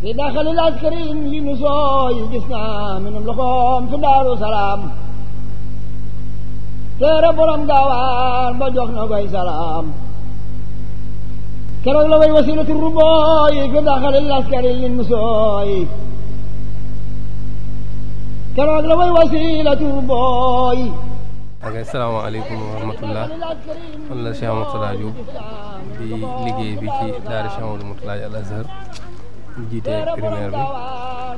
fi daxali laskarin yi nu sooyu gis naa minum loxoom fi daaru salaam téere borom gaawaan ba jox na koy salaam keroog la way wasilatu rubooyi fi daxali laskarin yi nu sooyi keroog la way wasilatu rubooyi ak asalaamaaleykum wa rahmatullah man la Cheikh Mourtada Diop di liggéey bi ci daara Cheikh Mourtada Al Azhar jiite primaire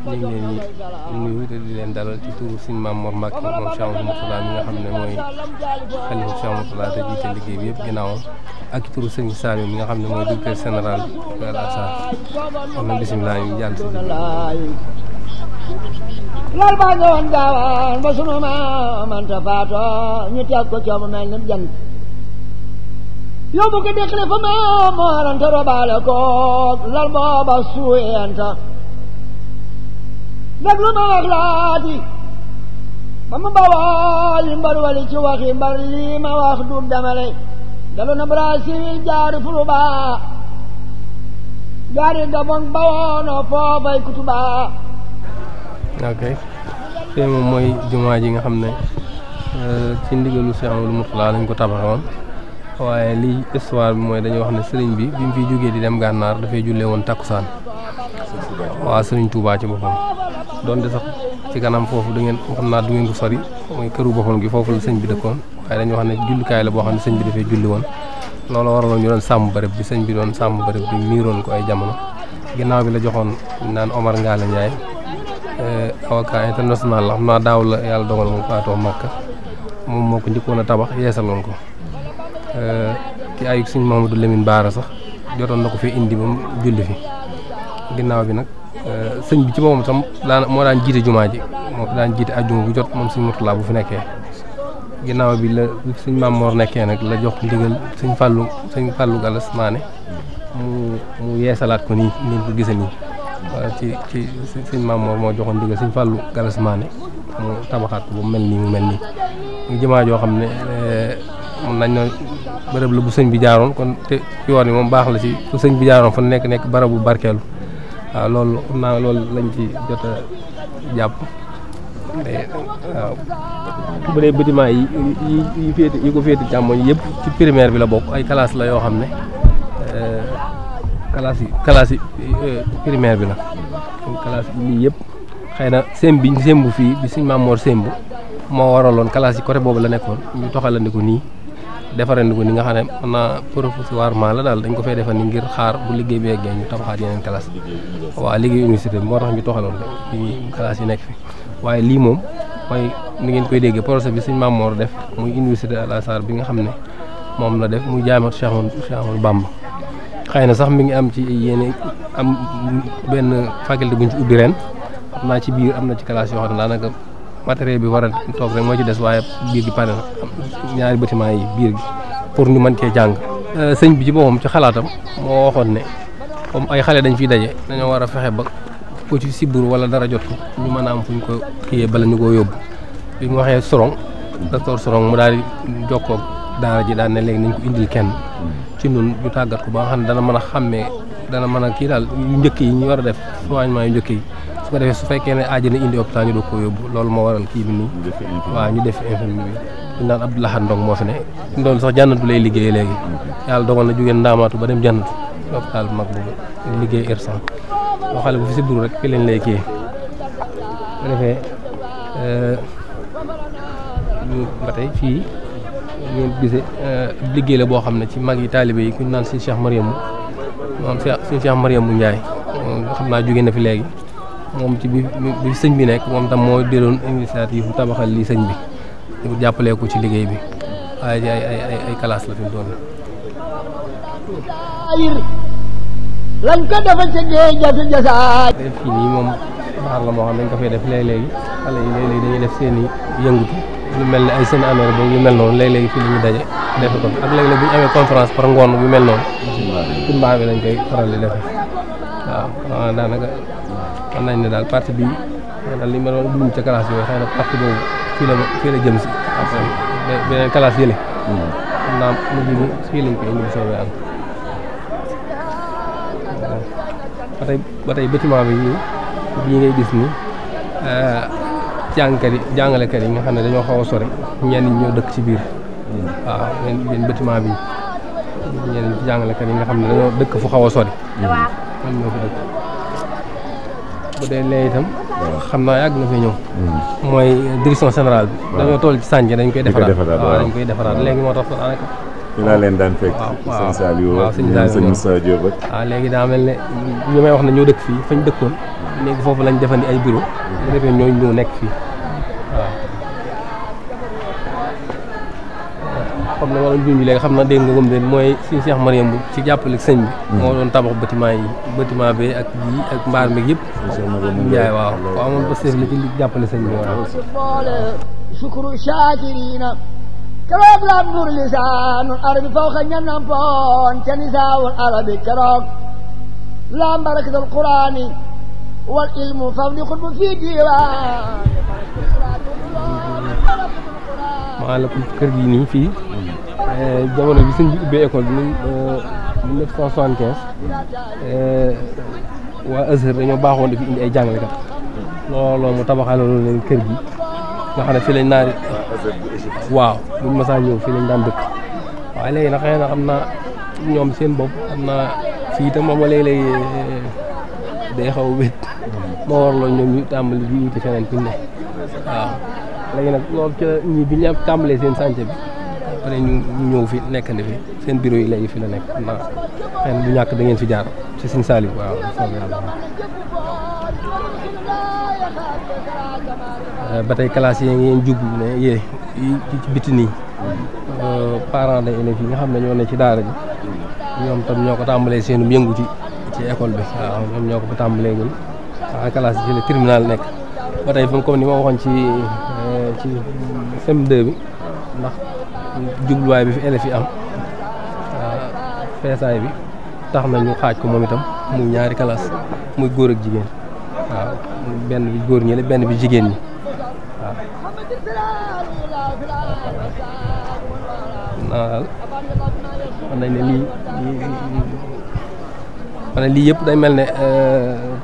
bi ñu ngi leen di nuyu te di leen dalal ci turu suñu maam Mor Mbacke moom Cheikh Mouhamadou Mourtada mi nga xam ne mooy xalifa Cheikh Mouhamadou Mourtada te jiite liggéey bi yëpp ginnaawam ak ci turu sëñ Saliou mi nga xam ne mooy directeur général Kër Assane am na bisimilah ñu jàll si lal baa nga woon gaawaan ba sunu maam anta faatoo ñu teg ko coomu mel ni jant yow bu ko deqale fa ma robaale koog lal booba suweenta déglu ma wax laati ba mu bawal mbar wali ci waxi mbar lii ma wax du demale dalu na Brésil jaari Furuba jaari Gabon bawoona foofay Kutuba ok fii moom mooy jumaa ji nga xam ne eh, ci si amul Murtala lañ ko tabaxoon waaye li histoire bi mooy dañuy wax ne sëriñ bi bi mu fiy jógee di dem gànnaar dafay jullee woon takkusaan waaw sëriñ tuubaa ci boppam doon de sax ci kanam foofu du ngeen xam naa du ko sori mooy këru boppam gi foofu sëñ bi dëkkoon waaye dañuy wax ne jullikaay la boo xam ne sëñ bi dafay julli woon loolu waraloon sàmm bërëb bi sëñ bi doon sàmm bërëb bi ko ay jamono ginnaaw bi la joxoon naan Omar Ngalla Ndiaye eh, avocat international la naa daaw la yàlla dogal moom faatoo Makka moom moo ko njëkkoon a tabax yeesaloon ko ci ay suñ Mamadou Lamine Baara sax jotoon na ko fee indi moom julli fi ginnaaw bi nag euh, sëñ bi ci moom tam moo daan jiite jumaa ji moo daan jiite ajjuma bu jot moom suñ Murtala bu fi nekkee ginnaaw bi la suñ Maam Moor nag la jox ndigal suñ Fàllu suñ Fàllu Galas Maane mu mu yeesalaat ko nii ni ko gisee nii ci ci suñ Maam moo joxoon ndigal suñ Fàllu Galas Maane mu tabaxaat ko bu mel nii mu mel nii jumaa joo xam ne euh, mën nañ bërëb la bu sëñ bi jaaroon kon te yoon yi moom baax la ci fu sëñ bi jaaroon fa nekk nekk barab bu barkeelu waaw loolu xam loolu lañ ci jot a jàpp waaw bu dee bâtiment yi yi féete yi ko féete càmmoñ yëpp ci primaire bi la bokk ay classe la yoo xam ne eh, classe yi classe yi eh, primaire bi la classe yi yëpp xëy na semb biñ sembu fii bi suñ Maam Mor sembu moo waraloon classe yi côté boobu la nekkoon ñu toxalandiku nii defarandi ko ni nga xam ne mën naa provisoirement la daal dañ ko fay defal ni ngir xaar bu liggéey bi yeggee ñu tabaxaat yeneen classe liggéey université bi moo tax ñu toxaloon de yi nekk waaye lii moom mooy ni ngeen koy déggee projet bi suñ Maam Mor def muy université Al Azhar bi nga xam ne moom la def mu muy jaamatu Cheikh Ahmadou Bamba xay na sax mi ngi am ci yenn am benn faculté bu ñu ci ubbi ren xam ci biir am na ci classe yoo xam ne daanaka materiel bi war a toog rek moo ci des waaye biir gi pare na ñaari bâtiment yi biir gi pour ñu mën cee jàng. Euh, sëñ bi ci boppam ci xalaatam moo waxoon ne comme ay xale dañ fi daje dañoo war a fexe ba ku ci sibur wala dara jot ñu mën a am fu ñu ko kiyee bala ñu koo yóbbu bi mu waxee Sorong docteur Sorong mu daal di jokkoo daara ji daal ne léegi nañ ko indil kenn ci ñun ñu tàggat ku ba nga xam ne dana mën a xàmmee dana mën a kii daal yu njëkk yi ñu war a def soignement yu njëkk yi. su su fekkee ne aajana indi hôpital ñu doog ko yóbbu loolu moo waral kii bi nii waaw ñu def infirmier bi ñu naan Abdou Lahad Ndong moo fi ne sax jànnatu lay liggéeye léegi yàlla dogal na jógeen ndaamaatu ba dem jànnatu hôpital mag boobu liggéey irsan boo bu fi sibbiru rek euh, fii ñu gisee euh, liggéey la boo xam ne ci mag yi taalibe yi ku ñu naan si Cheikh Mariam moom Cheikh suñu Cheikh Mariam Ndiaye xam naa jóge na fi léegi moom ci bi bi sëñ bi nekk moom tam moo jëloon yi bu tabaxal lii sëñ bi ñu jàppalee ko ci liggéey bi waaye ay ay ay ay classe la fi mu doon lañ ko dafa moom baar la moo xam dañ ko fay def léeg-léegi xale dañuy def seen i yëngutu lu mel ne ay seen amee ba yu mel noonu léeg-léegi fii la ñuy daje defe ko ak léeg-léeg bu amee conférence par ngoon bu mel noonu. mbaa bi lañ koy faral di defe waaw daanaka mën nañ ne daal parti bii daal li ma doon dugg ca classe yooyu xëy na parti la fii la jëm beneen classe yële. Hmm. xam naa mujj bi fii lañ koy indi bu soobee am. ba tey eh, yi jàngalekat yi nga xam ne dañoo xaw a sori ñenn ñi ñoo dëkk ci biir. Hmm. waaw benn benn bâtiment bi ñenn jàngalekat yi nga xam ne dañoo dëkk fu xaw a sori. ñoom hmm. ñoo fi dëkk. bu dee lee itam. xam naa yàgg na fi ñëw. mooy direction sénéral bi. dañoo toll ci sànni dañ koy defaraat waaw dañ koy defaraat léegi moo tax daanaka. fi laa leen daan fekk. waaw waaw sëñ Moussa Diop waaw léegi daa mel ne ñu may wax na ñoo dëkk fii fañ dëkkoon léegi foofu lañ defandi ay bureau bu defee ñooñu ñoo nekk fii. xam ne wala junj xam na dégg nga moom leen mooy suñu Cheikh Mariam bu ci jàppale sëñ bi mm. moo doon tabax bâtiment yi bâtiment bi ak ji ak mbaar mi yëpp Njaay waaw ko amoon ba seef ci jàppale sëñ bi waaw sukuru shaakiriina keroog lam nur lisaanul arabi fawqa ñanampoon ca nisaawul arabi keroog la barakatul quraani wal ilmu fawdi xutbu fii diiwaan maa la kër gi nii fii mm. Euh, jamono bi sëñ bi ubbee école bi euh, mille neuf cent soixante quinze euh, waa Azhar dañoo baaxoon dafi indi ay jàngalekat looloo mu tabaxaloon leen kër gi nga xam ne fii lañ naan waaw buñ masaa ñëw fii lañ daan dëkk waaye léegi nag xëy na xam naa ñoom seen bopp xam naa fii itam moom léeg-léeg day xaw a wét moo waraloon ñoom ñu tàmbali bi ñu ci feneen fi ne waaw léegi nag loolu ca ñii bi ñu tàmbalee seen sànce bi après ñu ñëw fi nekkandi fi seen bureau yi léegi fi la nekk xam naa bu ñàkk da ngeen fi jaar ci Sine Saliou waaw soobee yàlla euh, ba tey classe yi ngeen jug ne yee ci biti nii euh, parents day yi nga xam ne ñoo ne ci daara ji ñoom tam ñoo ko tàmbalee seenum yëngu ci ci école bi waaw ñoom ñoo ko fa tàmbalee gul waaw classe yi ci la terminal nekk ba tey comme ni ma waxoon ci euh, sem 2 bi jubluwaay bi fi élèves yi am feesaay bi tax na ñu xaaj ko moom itam muy ñaari kalaas muy góor ak jigéen waaw benn góor ñi benn bi jigéen ñi waaw man ne lii yëpp dañ mel ne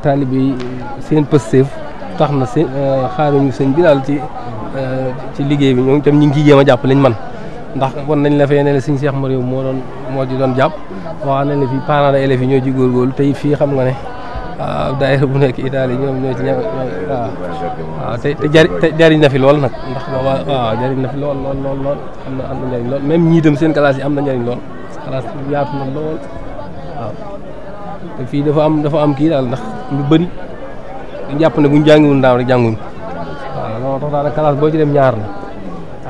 taalib yi seen pësteef tax na seen xaaruñu sëñ bi daal ci liggéey bi ñoom itam ñu ngi ciy jéem a jàpp liñ man ndax wan nañ la fee ne la sëñ Cheikh moo doon moo ci doon jàpp wax nañ la fii parents d'élèves ñoo ci góorgóorlu te fii xam nga ne daayira bu nekk Italie ñoom ñoo ci ña waaw te fi lool nag ndax booba waaw am na am na njariñ lool ñii itam seen classe am na njariñ lool na lool dafa am dafa am kii daal ndax mu bëri dañ jàpp na buñ jàngiwul daaw rek jànguñ waaw loolu tax daanaka classe boo ci ñaar la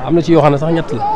am na ci yoo xam ne sax ñett la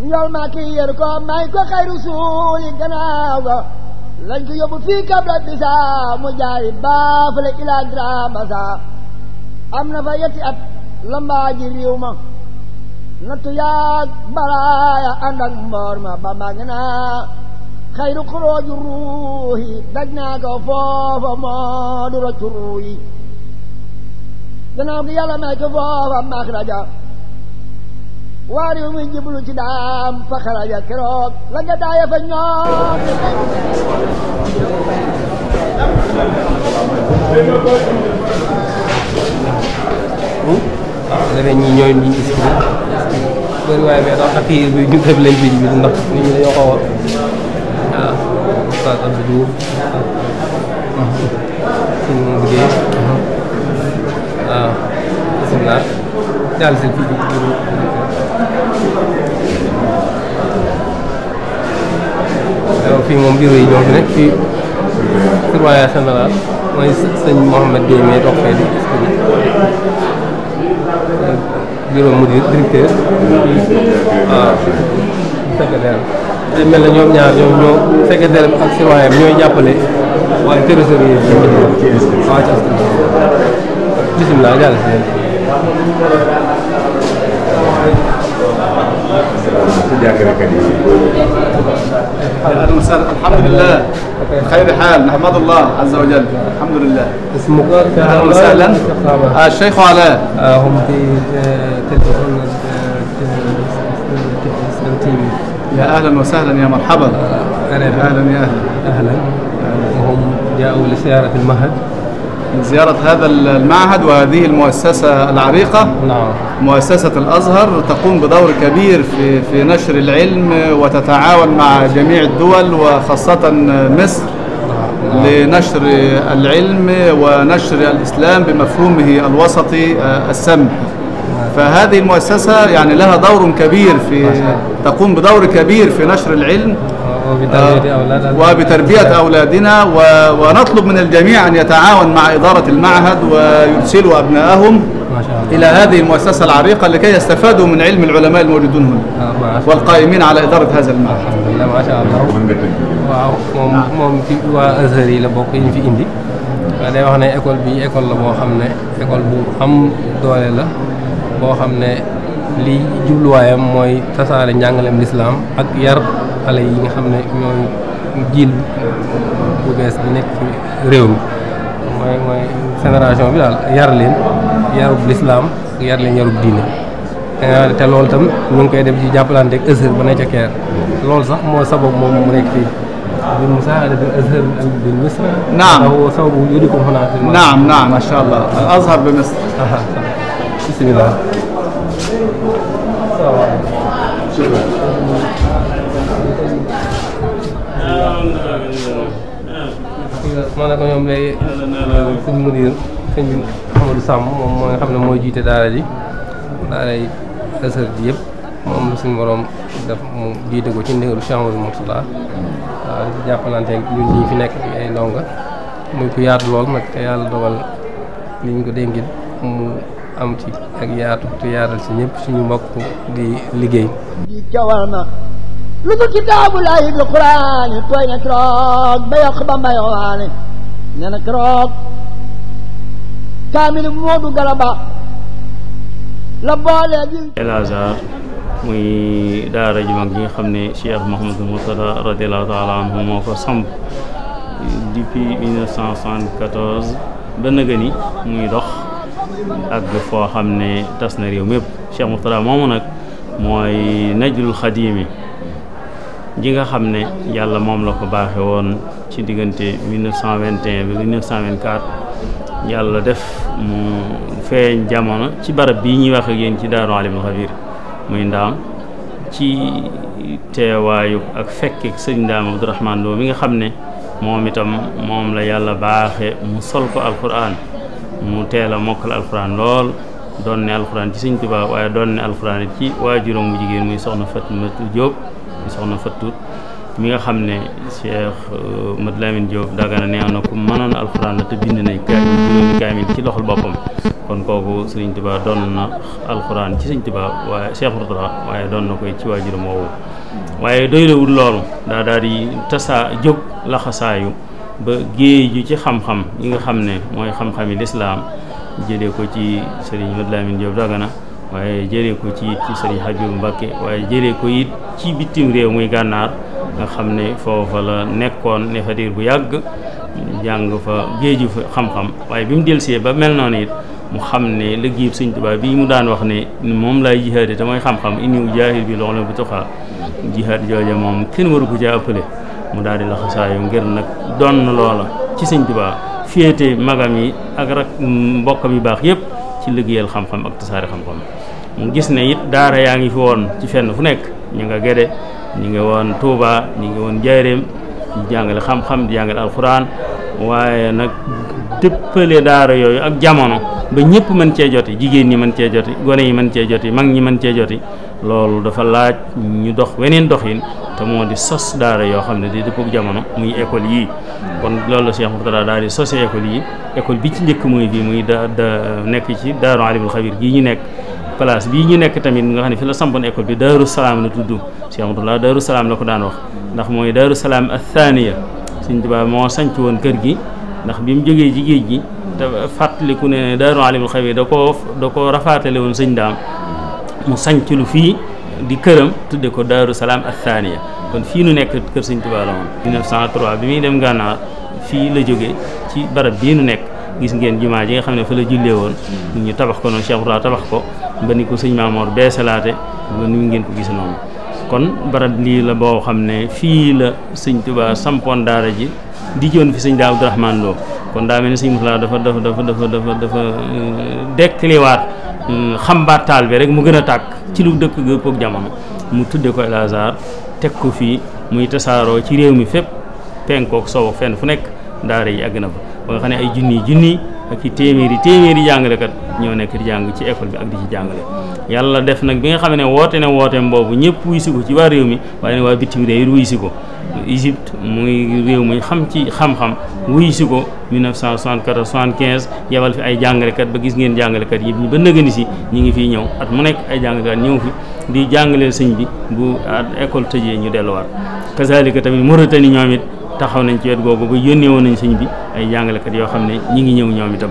ñool maa ki yéru ko may ko xayru suuli gannaaw ga lañ ko yóbbu fii kabla bisa mu jaay baafale ilaa Grand-Bassam am na fa yetti at lambaa ji riiw ma nattu yaag balaaya ànd ak mboor ma ba mag naa xayru xurooju ruuhi daj naa ko foofa moo du roccu ruuyi gannaaw gi yàlla may ko foofa maxraja waar yu muy jiblu ci daam fa xaraja keroog la nga daaya fa ñoom leneen ñi ñooy ñu gis ko bëri waaye mais daal xaqiir bi ñu def lañ biñ bi ndax nit ñi dañoo xaw a waaw Oustaz Abdou Diouf suñ moom liggéey waaw bisimilah daal seen fii waaw fii moom bureau yi ñoo fi nekk ah, ñoom ñaar ñoom ñoo secrétaire bi ak surveillant bi ñooy jàppale waaye trésorier bi waaw bisimilah jàll si ci jàngalekat yi. ahlan wa sahlan alhamdulilah. xayri xaal nahmadullah eh, azza wa jal alhamdulilah. ismuka ahlan wa sahlan. Cheikh Ala. هم في تلفزيون تلفزيون يا اهلا وسهلا يا مرحبا. اهلا يا اهلا. اهلا. هم جاءوا لزيارة المهد. من زيارة هذا المعهد وهذه المؤسسة العريقة نعم. مؤسسة الأزهر تقوم بدور كبير في, في نشر العلم وتتعاون مع جميع الدول وخاصة مصر نعم. لنشر العلم ونشر الإسلام بمفهومه الوسطي السمح فهذه المؤسسة يعني لها دور كبير في تقوم بدور كبير في نشر العلم وبتربية أولادنا ونطلب من الجميع أن يتعاون مع إدارة المعهد ويرسلوا أبنائهم إلى هذه المؤسسة العريقة لكي يستفادوا من علم العلماء الموجودون هنا والقائمين على إدارة هذا المعهد الحمد لله ما شاء الله waaw moom moom ci waa Azhar yi la bokk yi ñu fi indi day wax ne école bi école la boo xam ne école bu am doole la boo xam ne li jubluwaayam mooy tasaare njàngaleem lislaam ak yar xale yi nga xam ne ñooy jiil bu bees bi nekk ci réew mi mooy mooy génération bi daal yar leen yarub lislaam yar leen yarub diine eh, te loolu tam ñu ngi koy def ci jàppalante ak Azhar ba nekk ca Caire loolu sax moo sabab moom mu nekk fii bin musaada bil Azhar bil Misr naam aw sababu yudikum huna naam naam ma sha Allah al Azhar bi Misr bismillah ma ne ko ñoom lay sëñ Mudir sëñ Amadou Samb moom moo nga xam ne mooy jiite daara ji daara asar ji yëpp moom la suñu borom def mu jiite ko ci ndigalu Cheikh Amadou Mourtada waaw di jàppalante ñun fi nekk ay ndongo muy ku yaatu lool nag te yàlla dogal liñ ko dénkit mu am ci ak yaatu te yaatal si ñëpp suñu mbokk di liggéey. lu ko kitaabullaahi bil quraani tooy na keroog ba yokk ba mbayoo waane nee na keroog kaamil Moodu Galaba la boole bi El Azhar muy daara ju nga xam ne Cheikh Mouhamadou Mourtada radiallahu taala anhu moo ko samp depuis 1974 ni muy dox ak foo xam ne tas na réew mépp Cheikh Mourtada moomu nag mooy najlul xadiimi ji nga xam ne yàlla moom la ko baaxe woon ci diggante 1921 ba 1924 yàlla def mu feeñ jamono ci barab bi ñuy wax ak ci Daaru Alimul Xabiir muy ndaam ci teewaayu ak fekk sëñ ndaam Abdourahmane Lo mi nga xam ne moom itam moom la yàlla baaxe mu sol ko alquran mu teel a mokkal alquran lool doon ne alquran ci sëñ Tuubaa waaye doon ne alquran ci waajuram bu jigéen muy soxna Fatimatu Jóob soxna Fatou mi nga xam ne Cheikh euh, Mad Lamine Diop Dagana nee na ku mënoon alxuraan la te bind na kaamil juróomi kaamil ci loxol boppam kon kooku Sëriñ Tuubaa doon na alxuraan ci Sëriñ Tuubaa waaye Cheikh Murtada waaye doon na koy ci waajuram woowu waaye doylewul loolu daa daal di tasaa jóg laxasaayu ba géej ju ci xam-xam yi nga xam ne mooy xam-xami lislaam jëlee ko ci Sëriñ Mad Lamine Diop Dagana waaye jëre ko ci it ci sëriñ Habibu Mbakke waaye jëlee ko it ci bitim réew muy gànnaar nga xam ne foofa la nekkoon ne fa bu yàgg jàng fa géeju fa xam-xam waaye bi mu delsee ba mel noonu it mu xam ne liggéeyub Sëriñ Tuubaa bi mu daan wax ne moom laay jihaade te mooy xam-xam iniw jaahil bi loxo la bu tuxaa jihaad jooja moom kenn waru ko ca mu daal di laxasaayu ngir nag donn loola ci Sëriñ Tuubaa féete magam yi ak rak mbokkam yu baax yépp ci liggéeyal xam-xam mu gis ne it daara yaa ngi fi woon ci fenn fu nekk ñu nga Gédé ñu ngi woon Touba ñu ngi woon Njaaréem di jàngale xam-xam di jàngale alxuraan waaye nag dëppale daara yooyu ak jamono ba ñëpp mën cee joti jigéen ñi mën cee joti gone yi mën cee joti mag ñi mën cee joti loolu dafa laaj ñu dox weneen doxin te moo di sos daara yoo xam ne di dëppoo ak jamono muy école yii kon loolu la Cheikh Mourtada di sosé école yii école bi ci njëkk mooy bii muy da da nekk ci daaru alimul gii ñu nekk place bii ñu nekk tamit nga xam ne fi la sampoon école bi daaru salaam la tudd Cheikh Abdoulaye daaru salaam la ko daan wax ndax mooy daaru salaam athaniya Sëñ Tuubaa moo sanc woon kër gi ndax bi mu jógee ci géej gi te fàttaliku ne daaru alimul xabi da ko da koo rafaatale woon sëñ daam mu sanc lu fii di këram tudde ko daaru salaam athaniya kon fii nu nekk kër Sëñ Tuubaa la moom 1903 bi muy dem gànnaar fii la jógee ci barab bii nu nekk gis ngeen jumaa ji nga xam ne la jullee woon ko ba ni ko sëñ Maamoor beesalaate ba ni ngeen ko gis noonu kon barab lii la boo xam ne fii la sëñ Tuubaa sampoon daara ji di joon fi sëñ daa Abdourahmane Lo kon daa mel ni sëñ Moussa dafa dafa dafa dafa dafa dafa euh, dekkliwaat euh, bi rek mu gën a tàkk ci lu dëkk gëpp jamono mu tudde ko El teg ko fii muy tasaaroo ci réew mi fépp penkook sow ak fenn fu nekk daara yi àgg na fa ba nga xam ne ay junni junni ci téeméeri téeméeri jàngalekat ñoo nekk di jàng ci école bi ak di ci jàngale yàlla def nag bi nga xam ne woote na wooteem boobu ñëpp wuy ko ci waa réew mi waaye nag waa bitim réew wuy si ko Égypte muy réew muy xam ci xam-xam wuy si ko 1974 75 yebal fi ay jàngalekat ba gis ngeen jàngalekat yi ba nëgëni si ñu ngi fi ñëw at mu nekk ay jàngalekat ñëw fi di jàngaleel sëñ bi bu école tëjee ñu delluwaat kazalika tamit Mauritanie taxaw nañ ci wet googu ba yónnee woon añ sëñ bi ay jàngalekat yoo xam ne ñi ngi ñëw ñoom itam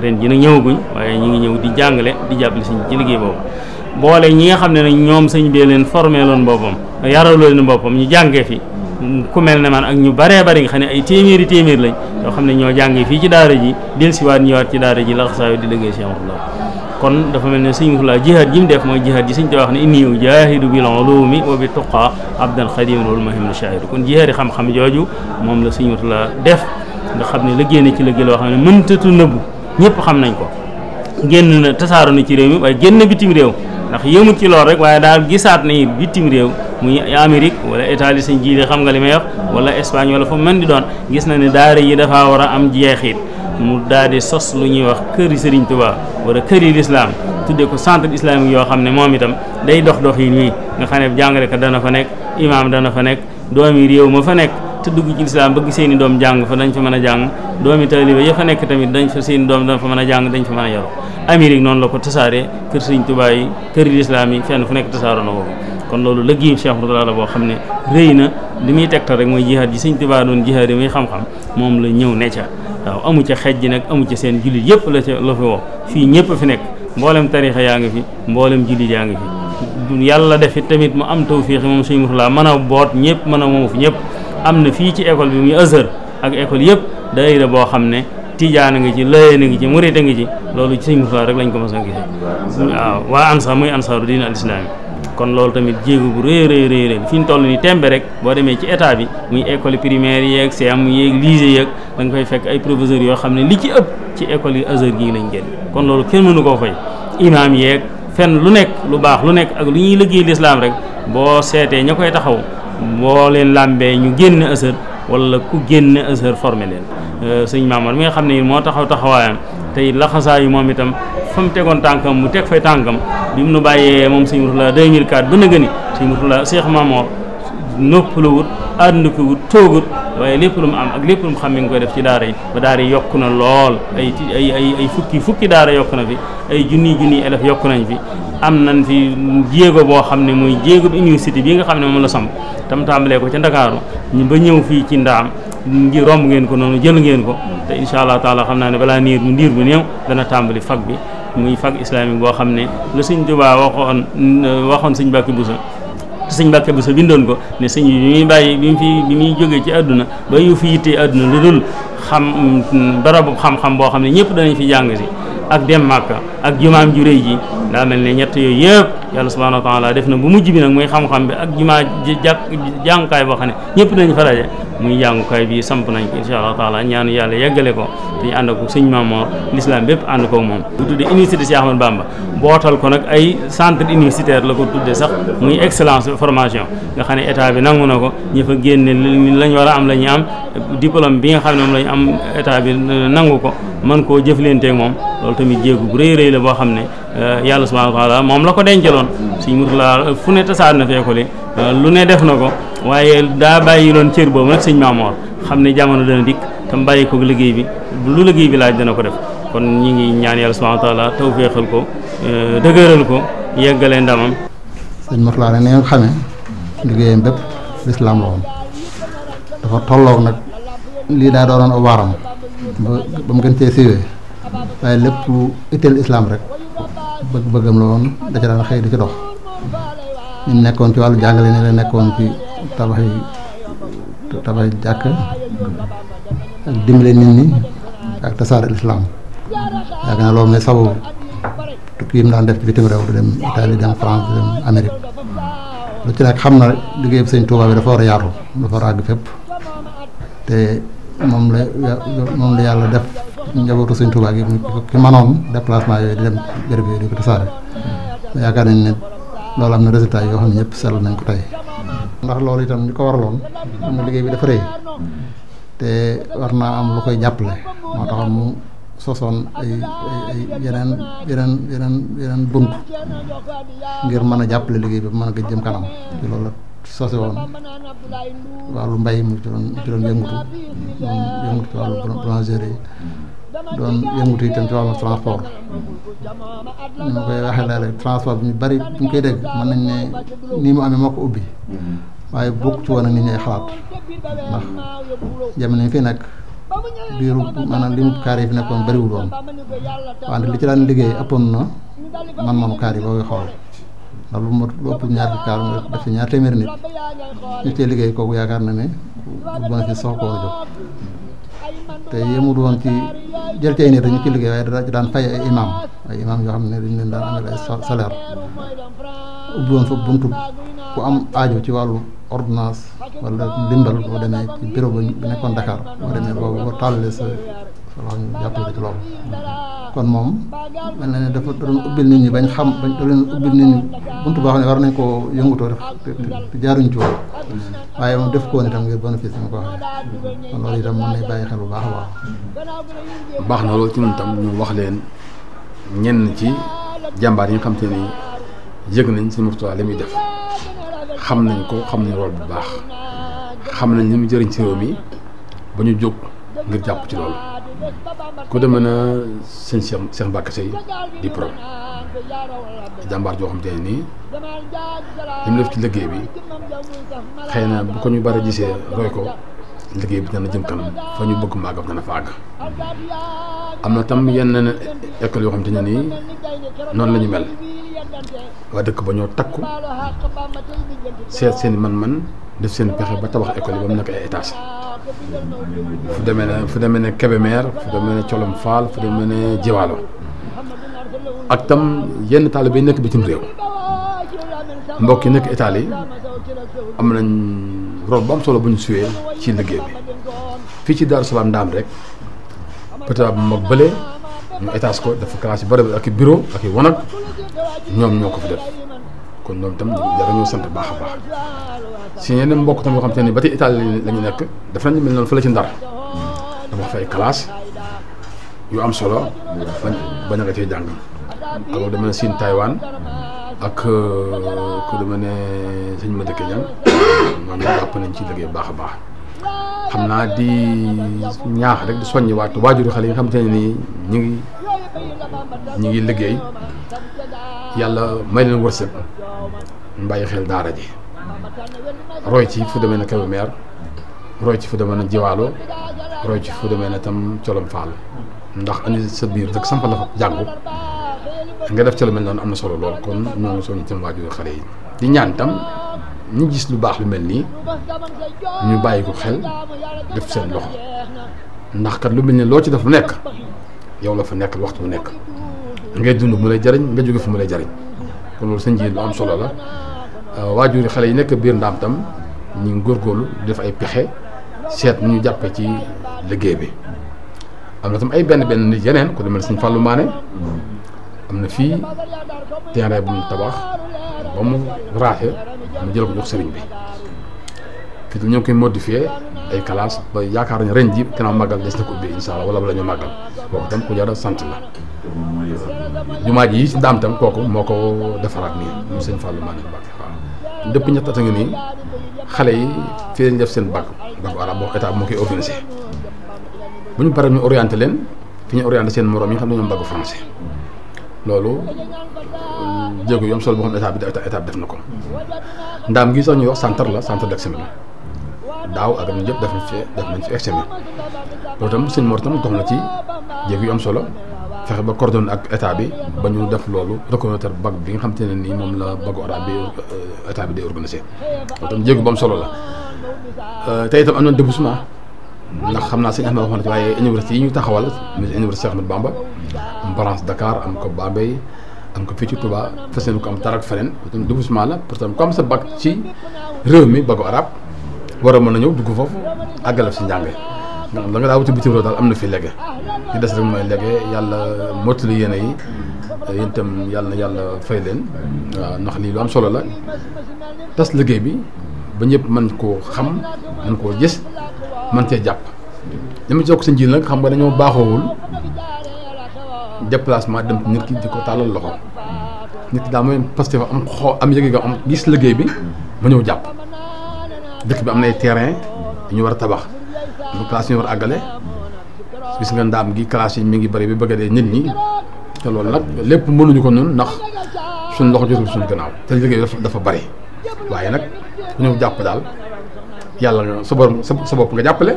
reen ji nag ñëwaguñ waaye ñu ngi ñëw di jàngale di jàppale sëñ ci liggéey boobu boole ñi nga xam ne nag ñoom sëñ bee leen formé loon boppam yaraloo leen boppam ñu jàngee fi ku mel ne man ak ñu baree bari nga xam ne ay téeméeri téeméer lañ yoo xam ne ñoo jàngee fii ci daara ji dellusiwaat ñëwaat ci daara ji laxasaayu di liggéey si amatulah kon dafa mel ne sëñ Murtala jihaad ji mu def mooy jihaad ji sëñ te wax ne inni ujaahidu bil ulumi wa bi tuqa abdan xadiman wal muhimmin shahidu kon jihaad yi xam-xam jooju moom la sëñ Murtala def nga xam ne la génn ci liggéey loo xam ne mëntatu nëbbu ñëpp xam nañ ko génn na tasaaru na ci réew mi waaye génn bitim réew ndax yëmut ci lool rek waaye daal gisaat na bitim réew muy Amérique wala Italie sañ jiile xam nga li may wax wala Espagne wala fu mën di doon gis na ne daara yi dafa war a am jeexit mu daal sos lu ñuy wax këri Sëriñ Tuubaa wala kër yi lislaam tuddee ko centre islamique yoo xam ne moom itam day dox dox yi nii nga xam ne jàngalekat dana fa nekk imaam dana fa nekk doomi réew ma fa nekk te dugg ci lislaam bëgg seen i doom jàng fa dañ fa mën a jàng doomi taaliba ya fa nekk tamit dañ fa seen i doom dañ fa mën a jàng a yaru Amérique noonu la ko tasaaree kër Sëriñ Tuubaa yi kër lislaam yi fenn fu nekk tasaaroo na kon loolu lëggéeyu Cheikh Mourtada la boo xam ne rëy na li muy tegtal rek mooy jihaad ji Sëriñ Tuubaa doon jihaad yi muy xam-xam moom la ñëw ne waaw amu ci xej ji nag amu ci seen jullit yëpp la ca la fi woo fii ñëpp fi nekk mboolem tarixa yaa ngi fi mboolem jullit yaa ngi fi yàlla defit tamit mu am tawfiix moom suñu motulaa mën a boot ñëpp mën a moomu fi ñëpp am na fii ci ecole bi muy Azhar ak école yëpp daayira boo xam ne tijaana ngi ci layeena ngi ci murite ngi ci loolu ci suñu motulaa rek lañ ko mos a gisee waaw waa ansa muy ansaaru diin al islaami kon loolu tamit jéego bu rëy rëy rëy rëy fi ñu toll nii tembe rek boo demee ci état bi muy école primaire yeeg CM yeeg lycée yeeg da nga fay fekk ay professeurs yoo xam ne li ci ëpp ci école yi azar gii lañ génn kon loolu kenn mënu koo fay imaam yeeg fenn lu nekk lu baax lu nekk ak lu ñuy liggéey lislaam rek boo seetee ña koy taxaw boo leen làmbee ñu génn azar wala ku génn azar formé leen euh, sëñ Maamar mi nga xam ne moo taxaw taxawaayam tey laxasaayu mu tegoon tànkam bi mu nu bàyyee moom sëñ Mourtala 2004 ba nëgëni sëñ Mourtala Cheikh Mamor noppaluwut àndukiwut toogut waaye lépp lu mu am ak lépp lu mu xam mi ngi koy def ci daara yi ba daara yi yokk na lool ay ay ay ay fukki fukki daara yokk na fi ay junniy junniy élèves yokk nañ fi am nañ fi jéego boo xam ne muy jéego bi université bi nga xam ne moom la samp tam tàmbalee ko ca Ndakaaru ñu ba ñëw fii ci Ndaam ngi romb ngeen ko noonu jël ngeen ko incha allah taala xam naa ne balaa niir bu ndiir bu néew dana tàmbali fag bi muy fag islamique boo xam ne lu sëñ Tuubaa waxoon waxoon sëñ Mbàkke Buso sëñ Mbàkke Buso bindoon ko ne sëñ bi muy bàyyi bi mu fi bi muy jógee ci àdduna ba yu fi yittee àdduna lu dul xam barabu xam-xam boo xam ne ñëpp danañ fi jàng si ak dem Màkka ak jumaam ju ji daa mel ne ñett yooyu yëpp yàlla subhaanahu wa taala def na bu mujj bi nag muy xam-xam bi ak jumaa jàkk boo xam ne ñëpp danañ fa daje muy jàngukaay bi samp nañ ko insha allah taala ñaanu yàlla yeggale ko te ñu ànd ko sëñ Maamoor lislaam bépp ànd ko moom bu tuddee université Cheikh Ahmadou Bamba bootal ko nag ay centre universitaire la ko tuddee sax muy excellence formation nga xam ne état bi nangu na ko ñi fa génne lañ war a am la ñuy am diplôme bi nga xam ne moom la am état bi nangu ko mën koo jëflanteeg moom loolu tamit jéegu bu rëy la boo xam ne Euh, yàlla subhaanahu wa moom la ko dencaloon suñ mutulaa euh, fu ne tasaar na fee ko li lu ne def na ko waaye daa bàyyi loon cër boobu nag sëñ Maamoor xam ne jamono dana dikk tam bàyyi ko liggéey bi lu liggéey bi laaj dana ko def kon ñu ngi ñaan yàlla subhaanahu wa taala ko euh, dëgëral ko yeggalee ndamam sëñ mutulaa ne nga xamee liggéeyam bépp lislaam la woon dafa tolloog nag lii daa doonoon waaram ba mu gën cee siiwee waaye lépp lu islaam rek bëgg-bëggam la woon da ca daan xëy di ci dox ñu nekkoon ci wàllu jàngale ne la nekkoon ci tabax yi tabax jàkk ak dimbale nit ñi ak tasaare lislaam yaakaar naa loolu mooy sababu tukki mu daan def ci bitim réew di dem Italie dem France di dem Amérique lu ci nekk xam na liggéeyam sëñ Tuubaa bi dafa war a yaatu dafa war a àgg fépp te moom la moom la yàlla def. njabootu sëñ Tuubaa gi ki manoon déplacement yooyu di dem béréb yooyu di ko tasaare yaakaar nañ ne loolu am na résultat yoo xam ne ñëpp seetlu nañ ko tey ndax loolu itam li ko waraloon am na liggéey bi dafa war naa am lu koy jàppale moo tax mu sosoon ay ay yeneen yeneen yeneen ngir mën a jàppale liggéey bi mën jëm kanam ci loolu la sose woon wàllu mbay mu ci doon ci yëngutu yëngutu ci wàllu boulangerie doon yëngatu itam ci wàllu transport ñu koy waxee la rek transport bi ñu bari bu ñu koy dégg mën nañ ne nii mu amee moo ko ubbi waaye bokk ci woon ak ni ñuy xalaat ndax jamono yi fi nekk biiru maanaam li mu kaar yi fi nekkoon bariwul woon wante li ci daan liggéey ëppoon na man moom kaar yi boo koy xool ndax lu mot lu ëpp ñaar kaar nga def ñaar téeméeri nit ñu cee liggéey kooku yaakaar na ne bu bon si sox ko te yemul woon ci jël ci ay nit dañu ci liggéey waaye daan fay ay imam ay imam yoo xam ne dañu leen daan amal ay ubbi woon fa buntu ku am aajo ci wàllu ordinance wala ndimbal boo demee ci bureau bu nekkoon Dakar boo demee boobu boo tàllalee sa loolu jàppale ci loolu kon moom mel na ne dafa doon ubbil nit ñi bañ xam bañ da leen ubbil nit ñi buntu boo xam ne war nañ koo yëngutoo def te jaaruñ ci woon waaye moom def ko woon itam ngir bénéfice bi ko waxee kon loolu itam mën nañ bàyyi xel bu baax a baax. baax na loolu ci ñun tam ñu wax leen ñenn ci jàmbaar yi nga xam te ne yëg nañ suñu Mourtada li muy def xam nañ ko xam nañ loolu bu baax xam nañ li mu jëriñ ci réew mi ba ñu jóg ngir jàpp ci loolu. ku demee na sëñ Cheikh Cheikh Mbacke di pro jàmbaar joo xam te nii li mu def ci liggéey bi xëy na bu ko ñu bari gisee roy ko liggéey bi dana jëm kanam fa ñu bëgg màggam dana fa àgg am na tam yenn école yoo xam te ne nii noonu la ñu mel waa dëkk ba ñoo takku seet seen man-man def seen pexe ba tabax école yi ba mu nekk ay étage fu demee ne fu demee ne Kébémer fu demee ne Colom Fall fu demee ne Jiwaalo ak tam yenn taalibe yi nekk bitim réew mbokk yi nekk Italie am nañ rôle bu am solo bu ñu suwee ci liggéey bi fii ci Daaru Salaam ndaam rek pétard bu mag bële mu étage ko dafa classé bërëb ak i bureau ak i wanag ñoom ñoo ko fi def kon loolu itam dara ñoo sant baax a baax si yeneen mbokk tam yoo xam ne ba tey Italie la nekk def nañu mel noonu fa la ci ndar dama fay classe yu am solo ba na nga cee jàng alors dama ne siin Taïwan ak euh, ku dama ne sëñ ma dëkke ñan moom nañ ci liggéey baax a baax xam naa di ñaax rek di soññ waat waajuru xale yi nga xam te ne nii ñu ngi ñu ngi liggéey yàlla may leen wërsëg bàyyi xel daara ji roy ci fu demee na Kébémer roy ci fu demee na Jiwaalo roy ci fu demee na tam colom faal ndax andi sa biir dëkk samp la fa jàngu nga def ci lu mel noonu am na solo lool kon ñoo ngi soññ tam waajur xale yi di ñaan tam ñu gis lu baax lu mel nii ñu bàyyi ko xel def seen loxo ndax kat lu mel ni loo ci def lu nekk yow la fa nekk waxtu bu nekk ngay dund mu lay jariñ nga jóge fu mu lay jariñ kon loolu sëñ ji lu am solo la euh, waajur xale yi nekk biir ndaam tam ñu ngi góorgóorlu def ay pexe seet ñu jàppe ci liggéey bi am na tam ay benn benn nit yeneen ku demel sëñ Fallou Mané am na fii terrain bu mu tabax ba mu raate mu jël ko jox sëriñ bi fii tam ñoo koy modifié ay classes ba yaakaar nañu ren ji gannaaw maggal des na ko ubbi incha allah wala bala ñu màggal kooku tam a sant la jumaa ji yi si daam tam kooku moo ko defaraat nii mu sëñ Fallou Malick Mbacke waaw dëpp ngi nii xale yi fii def seen bac bac arab boo état moo koy organisé bu ñu paree ñu orienté leen fi ñu orienté seen morom yi nga xam ne ñoom loolu jéego yom sol boo ne état bi état bi def na ko ndaam ngi sax ñuy wax centre la centre d'excellence daaw ak ñun ñëpp def nañ fi def nañ fi examen loolu tam sëñ Mor tam dox na ci jéeg yu am solo fexe ba coordonné ak état bi ba ñu def loolu reconnaître bag bi nga xam te ne nii moom la bac arabe bi euh, état bi day organisé loolu tam jéegu bu am solo la euh, tey itam am na débouchement ndax xam naa sëñ Ahmed waxoon na ci waaye université yi ñu taxawal mu université Ahmed Bamba am branche Dakar am ko Bambey am ko fii ci Touba fas yéene ko am tarak feneen débouchement la pour tam comme sa bag ci réew mi bagu arab war a mën a ñëw dugg foofu àggale si njàng ndax la nga daa wuti bitim réew daal am na fi léegi li des rek mooy léegi yàlla mottali yéene yi yéen itam yàlla na yàlla fay leen waaw ndax lii lu am solo la tas liggéey bi ba ñëpp mën koo xam mën koo gis mën cee jàpp li ma ci yokk sa njiit nag xam nga dañoo baaxoowul déplacement dem nit ki di ko tàllal loxo nit ki daa mooy parce que am xoo am yëge nga am gis liggéey bi mu ñëw jàpp dëkk bi am na nay terrain ñu war a tabax bu classe ñu war a àggale gis nga ndaam gi classe yi mi ngi bari bi bëgg dee nit ñi te loolu nag lépp mënuñu ko noonu ndax suñ loxo jotul suñ gannaaw te liggéey dafa bëri waaye nag ku ñëw jàpp daal yàlla nga sa borom sa bopp nga jàppale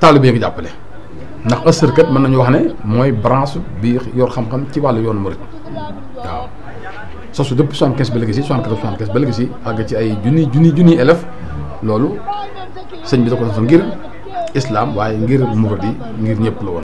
taalibe nga jàppale ndax ësërkat mën nañu wax ne mooy branche bi yor xam-xam ci wàllu yoonu murit waaw sosu dëpp 75 ba léegi si 74 75 ba léegi si àgg ci ay junni junni junni élèves loolu sëñ bi da ko defoon ngir islam waaye ngir murid yi ngir ñëpp la woon.